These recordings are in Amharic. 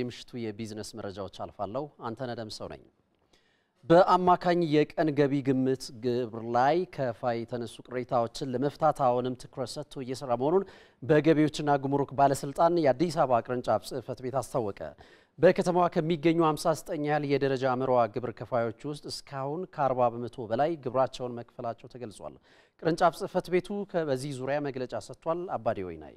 የምሽቱ የቢዝነስ መረጃዎች አልፋለሁ። አንተነህ ደምሰው ነኝ። በአማካኝ የቀን ገቢ ግምት ግብር ላይ ከፋይ የተነሱ ቅሬታዎችን ለመፍታት አሁንም ትኩረት ሰጥቶ እየሰራ መሆኑን በገቢዎችና ጉምሩክ ባለስልጣን የአዲስ አበባ ቅርንጫፍ ጽህፈት ቤት አስታወቀ። በከተማዋ ከሚገኙ 59 ያህል የደረጃ አምሮዋ ግብር ከፋዮች ውስጥ እስካሁን ከ40 በመቶ በላይ ግብራቸውን መክፈላቸው ተገልጿል። ቅርንጫፍ ጽህፈት ቤቱ በዚህ ዙሪያ መግለጫ ሰጥቷል። አባዴ ወይናይ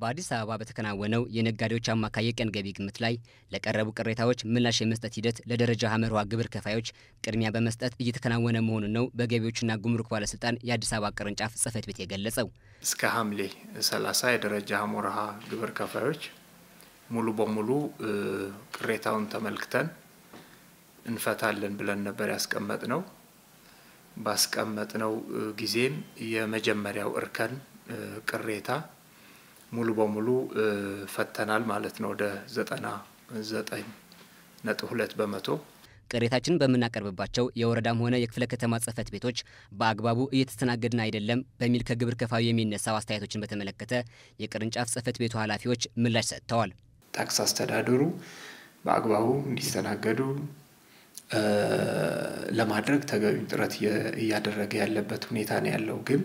በአዲስ አበባ በተከናወነው የነጋዴዎች አማካይ የቀን ገቢ ግምት ላይ ለቀረቡ ቅሬታዎች ምላሽ የመስጠት ሂደት ለደረጃ ሀመርዋ ግብር ከፋዮች ቅድሚያ በመስጠት እየተከናወነ መሆኑን ነው በገቢዎችና ጉምሩክ ባለስልጣን የአዲስ አበባ ቅርንጫፍ ጽህፈት ቤት የገለጸው። እስከ ሐምሌ 30 የደረጃ ሀመርሃ ግብር ከፋዮች ሙሉ በሙሉ ቅሬታውን ተመልክተን እንፈታለን ብለን ነበር ያስቀመጥ ነው። ባስቀመጥ ነው ጊዜም የመጀመሪያው እርከን ቅሬታ ሙሉ በሙሉ ፈተናል ማለት ነው ወደ ዘጠና ዘጠኝ ነጥብ ሁለት በመቶ ቅሬታችንን በምናቀርብባቸው የወረዳም ሆነ የክፍለ ከተማ ጽህፈት ቤቶች በአግባቡ እየተስተናገድን አይደለም በሚል ከግብር ከፋዩ የሚነሳው አስተያየቶችን በተመለከተ የቅርንጫፍ ጽህፈት ቤቱ ኃላፊዎች ምላሽ ሰጥተዋል። ታክስ አስተዳደሩ በአግባቡ እንዲስተናገዱ ለማድረግ ተገቢውን ጥረት እያደረገ ያለበት ሁኔታ ነው ያለው ግን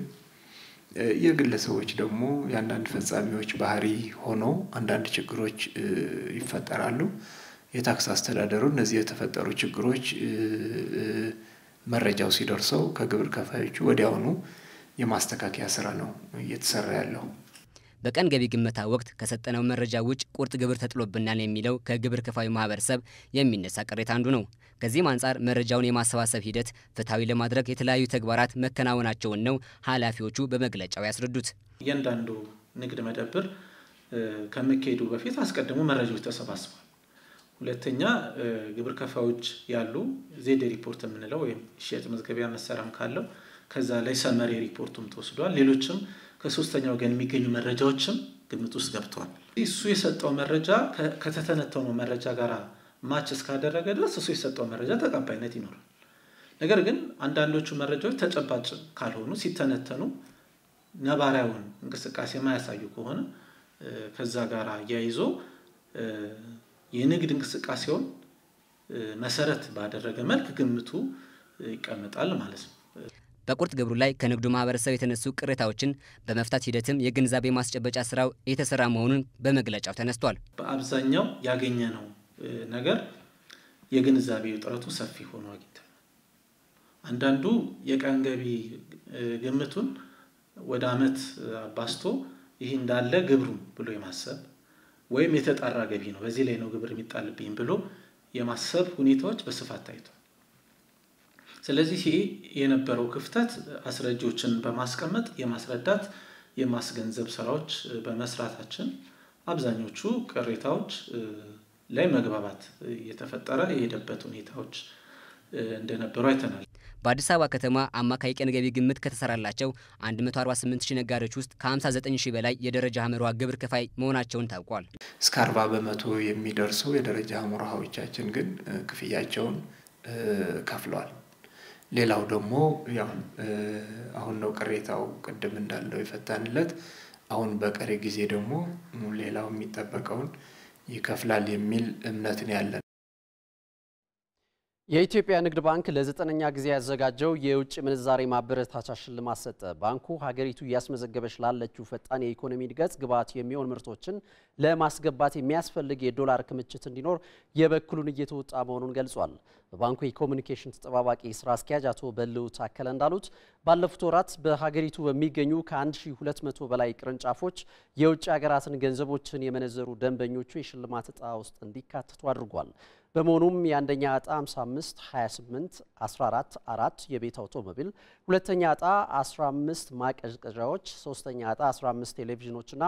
የግለሰቦች ደግሞ የአንዳንድ ፈጻሚዎች ባህሪ ሆኖ አንዳንድ ችግሮች ይፈጠራሉ። የታክስ አስተዳደሩ እነዚህ የተፈጠሩ ችግሮች መረጃው ሲደርሰው ከግብር ከፋዮቹ ወዲያውኑ የማስተካከያ ስራ ነው እየተሰራ ያለው። በቀን ገቢ ግመታ ወቅት ከሰጠነው መረጃ ውጭ ቁርጥ ግብር ተጥሎብናል የሚለው ከግብር ከፋዩ ማህበረሰብ የሚነሳ ቅሬታ አንዱ ነው። ከዚህም አንጻር መረጃውን የማሰባሰብ ሂደት ፍትሐዊ ለማድረግ የተለያዩ ተግባራት መከናወናቸውን ነው ኃላፊዎቹ በመግለጫው ያስረዱት። እያንዳንዱ ንግድ መደብር ከመካሄዱ በፊት አስቀድሞ መረጃዎች ተሰባስቧል። ሁለተኛ ግብር ከፋዮች ያሉ ዜዴ ሪፖርት የምንለው ወይም ሽያጭ መዝገቢያ መሰራም ካለው ከዛ ላይ ሰመሪ ሪፖርቱም ተወስዷል። ሌሎችም ከሶስተኛ ወገን የሚገኙ መረጃዎችም ግምት ውስጥ ገብተዋል። እሱ የሰጠው መረጃ ከተተነተነው መረጃ ጋር ማች እስካደረገ ድረስ እሱ የሰጠው መረጃ ተቀባይነት ይኖራል። ነገር ግን አንዳንዶቹ መረጃዎች ተጨባጭ ካልሆኑ ሲተነተኑ ነባሪያውን እንቅስቃሴ የማያሳዩ ከሆነ ከዛ ጋር እያይዞ የንግድ እንቅስቃሴውን መሰረት ባደረገ መልክ ግምቱ ይቀመጣል ማለት ነው። በቁርጥ ግብሩ ላይ ከንግዱ ማህበረሰብ የተነሱ ቅሬታዎችን በመፍታት ሂደትም የግንዛቤ ማስጨበጫ ስራው የተሰራ መሆኑን በመግለጫው ተነስቷል። በአብዛኛው ያገኘ ነው ነገር የግንዛቤ ውጥረቱ ሰፊ ሆኖ አንዳንዱ የቀን ገቢ ግምቱን ወደ አመት አባስቶ ይህ እንዳለ ግብሩ ብሎ የማሰብ ወይም የተጣራ ገቢ ነው፣ በዚህ ላይ ነው ግብር የሚጣልብኝ ብሎ የማሰብ ሁኔታዎች በስፋት ታይቷል። ስለዚህ ይሄ የነበረው ክፍተት አስረጂዎችን በማስቀመጥ የማስረዳት የማስገንዘብ ስራዎች በመስራታችን አብዛኞቹ ቅሬታዎች ላይ መግባባት እየተፈጠረ የሄደበት ሁኔታዎች እንደነበሩ አይተናል። በአዲስ አበባ ከተማ አማካይ ቀን ገቢ ግምት ከተሰራላቸው 148 ሺህ ነጋዴዎች ውስጥ ከ59 ሺህ በላይ የደረጃ ሀመርዋ ግብር ከፋይ መሆናቸውን ታውቋል። እስከ 40 በመቶ የሚደርሱ የደረጃ ሀመርዋዎቻችን ግን ክፍያቸውን ከፍለዋል። ሌላው ደግሞ ያው አሁን ነው ቅሬታው ቅድም እንዳለው የፈታንለት። አሁን በቀሪ ጊዜ ደግሞ ሌላው የሚጠበቀውን ይከፍላል የሚል እምነት ያለን። የኢትዮጵያ ንግድ ባንክ ለዘጠነኛ ጊዜ ያዘጋጀው የውጭ ምንዛሬ ማበረታቻ ሽልማት ሰጠ። ባንኩ ሀገሪቱ እያስመዘገበች ላለችው ፈጣን የኢኮኖሚ እድገት ግብዓት የሚሆን ምርቶችን ለማስገባት የሚያስፈልግ የዶላር ክምችት እንዲኖር የበኩሉን እየተወጣ መሆኑን ገልጿል። በባንኩ የኮሚኒኬሽን ተጠባባቂ ስራ አስኪያጅ አቶ በልው ታከለ እንዳሉት ባለፉት ወራት በሀገሪቱ በሚገኙ ከ1200 በላይ ቅርንጫፎች የውጭ ሀገራትን ገንዘቦችን የመነዘሩ ደንበኞቹ የሽልማት እጣ ውስጥ እንዲካተቱ አድርጓል። በመሆኑም የአንደኛ ዕጣ 55 28 14 4 የቤት አውቶሞቢል፣ ሁለተኛ ዕጣ 15 ማቀዝቀዣዎች፣ ሶስተኛ ዕጣ 15 ቴሌቪዥኖችና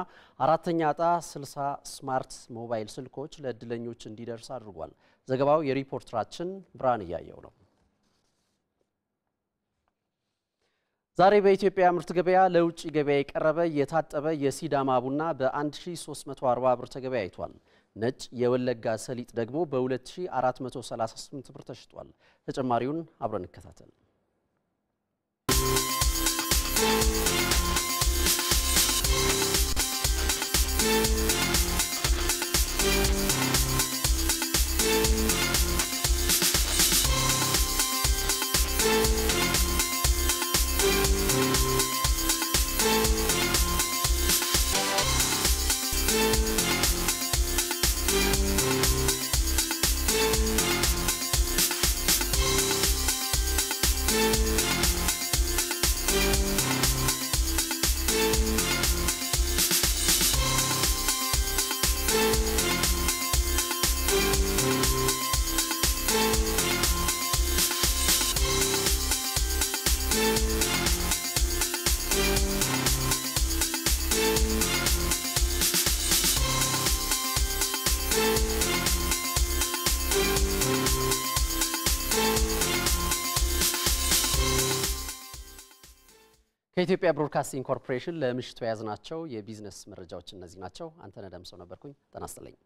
አራተኛ ዕጣ 60 ስማርት ሞባይል ስልኮች ለእድለኞች እንዲደርስ አድርጓል። ዘገባው የሪፖርተራችን ብርሃን እያየው ነው። ዛሬ በኢትዮጵያ ምርት ገበያ ለውጭ ገበያ የቀረበ የታጠበ የሲዳማ ቡና በ1340 ብር ተገበያይቷል። ነጭ የወለጋ ሰሊጥ ደግሞ በ2438 ብር ተሽጧል። ተጨማሪውን አብረን እንከታተል። ከኢትዮጵያ ብሮድካስቲንግ ኮርፖሬሽን ለምሽቱ የያዝናቸው የቢዝነስ መረጃዎች እነዚህ ናቸው። አንተነህ ደምሰው ነበርኩኝ። ጤና ይስጥልኝ።